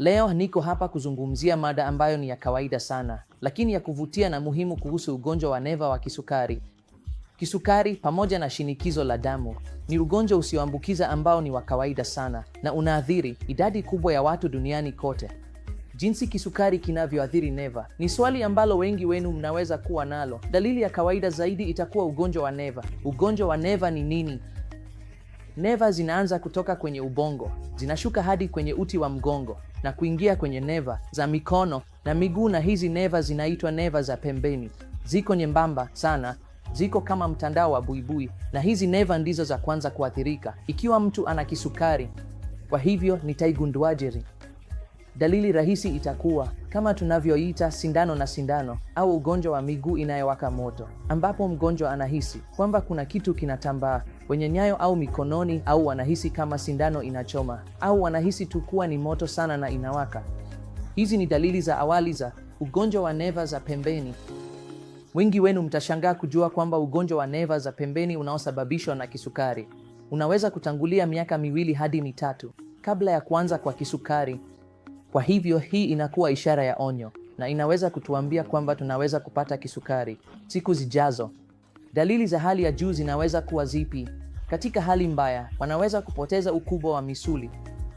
Leo niko hapa kuzungumzia mada ambayo ni ya kawaida sana, lakini ya kuvutia na muhimu kuhusu ugonjwa wa neva wa kisukari. Kisukari pamoja na shinikizo la damu ni ugonjwa usioambukiza ambao ni wa kawaida sana na unaathiri idadi kubwa ya watu duniani kote. Jinsi kisukari kinavyoathiri neva ni swali ambalo wengi wenu mnaweza kuwa nalo. Dalili ya kawaida zaidi itakuwa ugonjwa wa neva. Ugonjwa wa neva ni nini? Neva zinaanza kutoka kwenye ubongo, zinashuka hadi kwenye uti wa mgongo na kuingia kwenye neva za mikono na miguu, na hizi neva zinaitwa neva za pembeni. Ziko nyembamba sana, ziko kama mtandao wa buibui, na hizi neva ndizo za kwanza kuathirika ikiwa mtu ana kisukari. Kwa hivyo nitaigunduaje? Dalili rahisi itakuwa kama tunavyoita sindano na sindano au ugonjwa wa miguu inayowaka moto, ambapo mgonjwa anahisi kwamba kuna kitu kinatambaa kwenye nyayo au mikononi, au wanahisi kama sindano inachoma, au wanahisi tu kuwa ni moto sana na inawaka. Hizi ni dalili za awali za ugonjwa wa neva za pembeni. Wengi wenu mtashangaa kujua kwamba ugonjwa wa neva za pembeni unaosababishwa na kisukari unaweza kutangulia miaka miwili hadi mitatu kabla ya kuanza kwa kisukari. Kwa hivyo hii inakuwa ishara ya onyo na inaweza kutuambia kwamba tunaweza kupata kisukari siku zijazo. Dalili za hali ya juu zinaweza kuwa zipi? Katika hali mbaya, wanaweza kupoteza ukubwa wa misuli.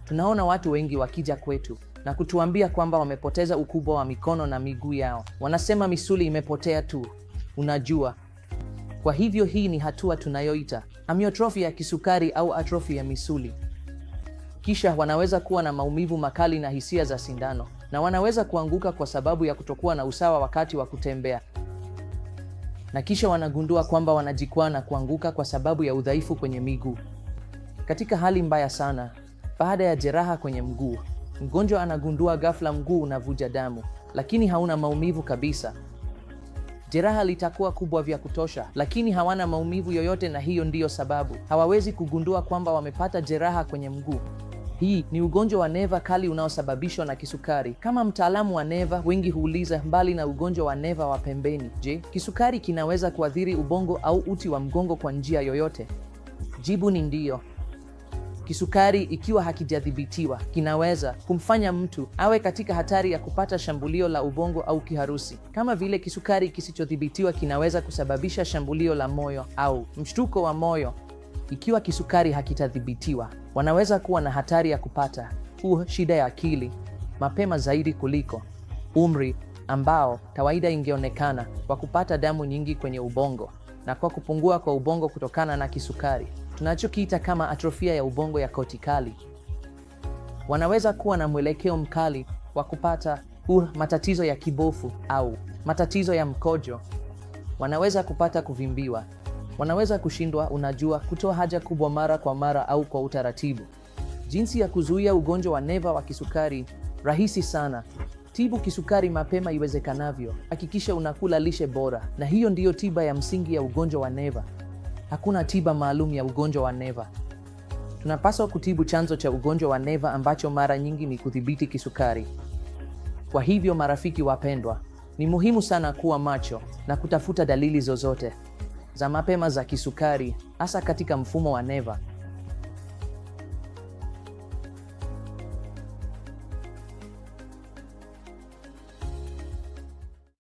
Tunaona watu wengi wakija kwetu na kutuambia kwamba wamepoteza ukubwa wa mikono na miguu yao. Wanasema misuli imepotea tu, unajua. Kwa hivyo hii ni hatua tunayoita amiotrofi ya kisukari au atrofi ya misuli. Kisha wanaweza kuwa na maumivu makali na hisia za sindano, na wanaweza kuanguka kwa sababu ya kutokuwa na usawa wakati wa kutembea, na kisha wanagundua kwamba wanajikwaa na kuanguka kwa sababu ya udhaifu kwenye miguu. Katika hali mbaya sana, baada ya jeraha kwenye mguu, mgonjwa anagundua ghafla mguu unavuja damu, lakini hauna maumivu kabisa. Jeraha litakuwa kubwa vya kutosha, lakini hawana maumivu yoyote, na hiyo ndiyo sababu hawawezi kugundua kwamba wamepata jeraha kwenye mguu. Hii ni ugonjwa wa neva kali unaosababishwa na kisukari. Kama mtaalamu wa neva, wengi huuliza, mbali na ugonjwa wa neva wa pembeni, je, kisukari kinaweza kuathiri ubongo au uti wa mgongo kwa njia yoyote? Jibu ni ndiyo. Kisukari ikiwa hakijadhibitiwa kinaweza kumfanya mtu awe katika hatari ya kupata shambulio la ubongo au kiharusi. Kama vile kisukari kisichodhibitiwa kinaweza kusababisha shambulio la moyo au mshtuko wa moyo. Ikiwa kisukari hakitadhibitiwa, wanaweza kuwa na hatari ya kupata uh, shida ya akili mapema zaidi kuliko umri ambao kawaida ingeonekana, kwa kupata damu nyingi kwenye ubongo na kwa kupungua kwa ubongo kutokana na kisukari tunachokiita kama atrofia ya ubongo ya kotikali. Wanaweza kuwa na mwelekeo mkali wa kupata uh, matatizo ya kibofu au matatizo ya mkojo. Wanaweza kupata kuvimbiwa wanaweza kushindwa, unajua, kutoa haja kubwa mara kwa mara au kwa utaratibu. Jinsi ya kuzuia ugonjwa wa neva wa kisukari: rahisi sana. Tibu kisukari mapema iwezekanavyo. Hakikisha unakula lishe bora, na hiyo ndiyo tiba ya msingi ya ugonjwa wa neva. Hakuna tiba maalum ya ugonjwa wa neva. Tunapaswa kutibu chanzo cha ugonjwa wa neva ambacho mara nyingi ni kudhibiti kisukari. Kwa hivyo, marafiki wapendwa, ni muhimu sana kuwa macho na kutafuta dalili zozote za mapema za kisukari hasa katika mfumo wa neva.